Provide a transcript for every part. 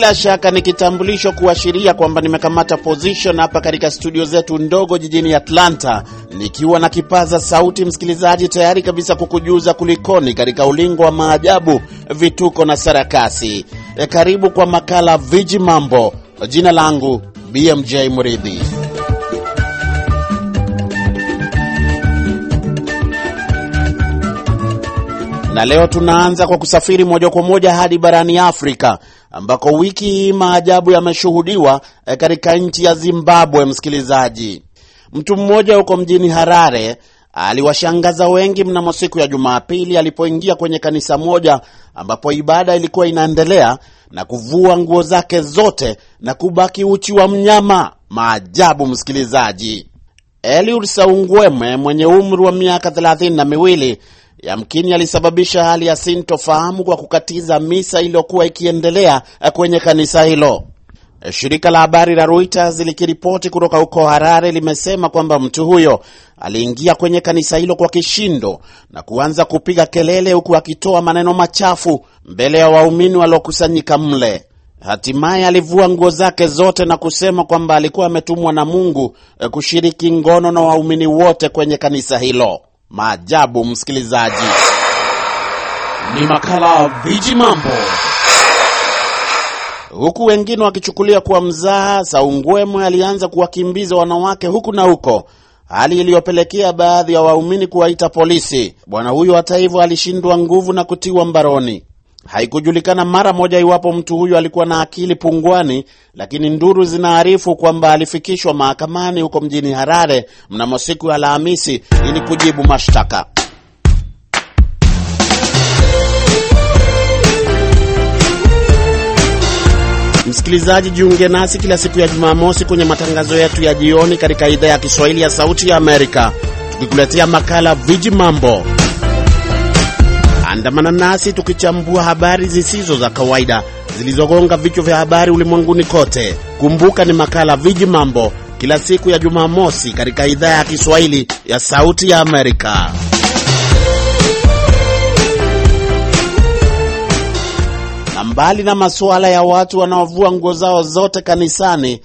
bila shaka ni kitambulisho kuashiria kwamba nimekamata position hapa katika studio zetu ndogo jijini Atlanta, nikiwa na kipaza sauti msikilizaji, tayari kabisa kukujuza kulikoni katika ulingo wa maajabu, vituko na sarakasi. E, karibu kwa makala Viji Mambo. Jina langu BMJ Muridhi. Na leo tunaanza kwa kusafiri moja kwa moja hadi barani Afrika ambako wiki hii maajabu yameshuhudiwa eh, katika nchi ya Zimbabwe. Msikilizaji, mtu mmoja huko mjini Harare aliwashangaza wengi mnamo siku ya Jumapili alipoingia kwenye kanisa moja ambapo ibada ilikuwa inaendelea na kuvua nguo zake zote na kubaki uchi wa mnyama. Maajabu msikilizaji. Eliud Saungweme mwenye umri wa miaka thelathini na miwili yamkini alisababisha hali ya sintofahamu kwa kukatiza misa iliyokuwa ikiendelea kwenye kanisa hilo. Shirika la habari la Reuters likiripoti kutoka huko Harare limesema kwamba mtu huyo aliingia kwenye kanisa hilo kwa kishindo na kuanza kupiga kelele huku akitoa maneno machafu mbele ya waumini waliokusanyika mle. Hatimaye alivua nguo zake zote na kusema kwamba alikuwa ametumwa na Mungu kushiriki ngono na waumini wote kwenye kanisa hilo maajabu. Msikilizaji, ni makala viji mambo, huku wengine wakichukulia kuwa mzaha. Saungwemwe alianza kuwakimbiza wanawake huku na huko, hali iliyopelekea baadhi ya waumini kuwaita polisi. Bwana huyo hata hivyo alishindwa nguvu na kutiwa mbaroni. Haikujulikana mara moja iwapo mtu huyo alikuwa na akili pungwani, lakini nduru zinaarifu kwamba alifikishwa mahakamani huko mjini Harare mnamo siku ya Alhamisi ili kujibu mashtaka. Msikilizaji, jiunge nasi kila siku ya Jumamosi kwenye matangazo yetu ya jioni katika idhaa ya Kiswahili ya Sauti ya Amerika, tukikuletea makala Viji Mambo Andamana nasi tukichambua habari zisizo za kawaida zilizogonga vichwa vya habari ulimwenguni kote. Kumbuka ni makala Viji Mambo kila siku ya Jumamosi katika idhaa ya Kiswahili ya Sauti ya Amerika. Na mbali na masuala ya watu wanaovua nguo zao zote kanisani,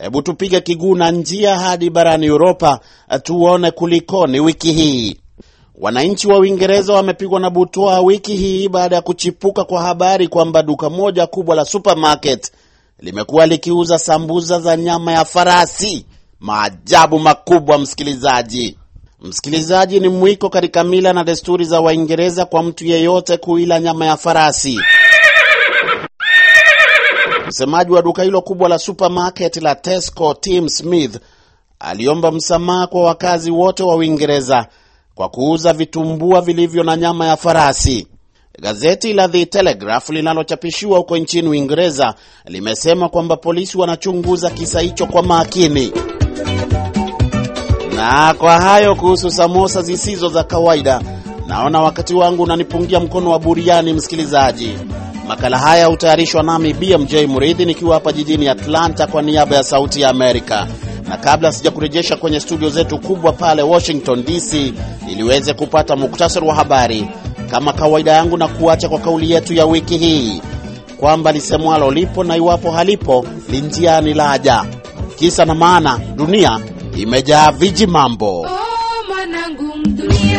hebu tupige kiguu na njia hadi barani Uropa tuone kulikoni wiki hii. Wananchi wa Uingereza wamepigwa na butwa wiki hii baada ya kuchipuka kwa habari kwamba duka moja kubwa la supermarket limekuwa likiuza sambuza za nyama ya farasi. Maajabu makubwa, msikilizaji. Msikilizaji, ni mwiko katika mila na desturi za Waingereza kwa mtu yeyote kuila nyama ya farasi. Msemaji wa duka hilo kubwa la supermarket la Tesco, Tim Smith, aliomba msamaha kwa wakazi wote wa Uingereza kwa kuuza vitumbua vilivyo na nyama ya farasi. Gazeti la The Telegraph linalochapishiwa huko nchini Uingereza limesema kwamba polisi wanachunguza kisa hicho kwa makini. Na kwa hayo kuhusu samosa zisizo za kawaida, naona wakati wangu unanipungia mkono wa buriani, msikilizaji. Makala haya hutayarishwa nami BMJ Muridhi nikiwa hapa jijini Atlanta kwa niaba ya Sauti ya Amerika na kabla sijakurejesha kwenye studio zetu kubwa pale Washington DC iliweze kupata muktasari wa habari, kama kawaida yangu na kuacha kwa kauli yetu ya wiki hii kwamba lisemwalo lipo na iwapo halipo li njiani laja. Kisa na maana, dunia imejaa viji mambo. Oh,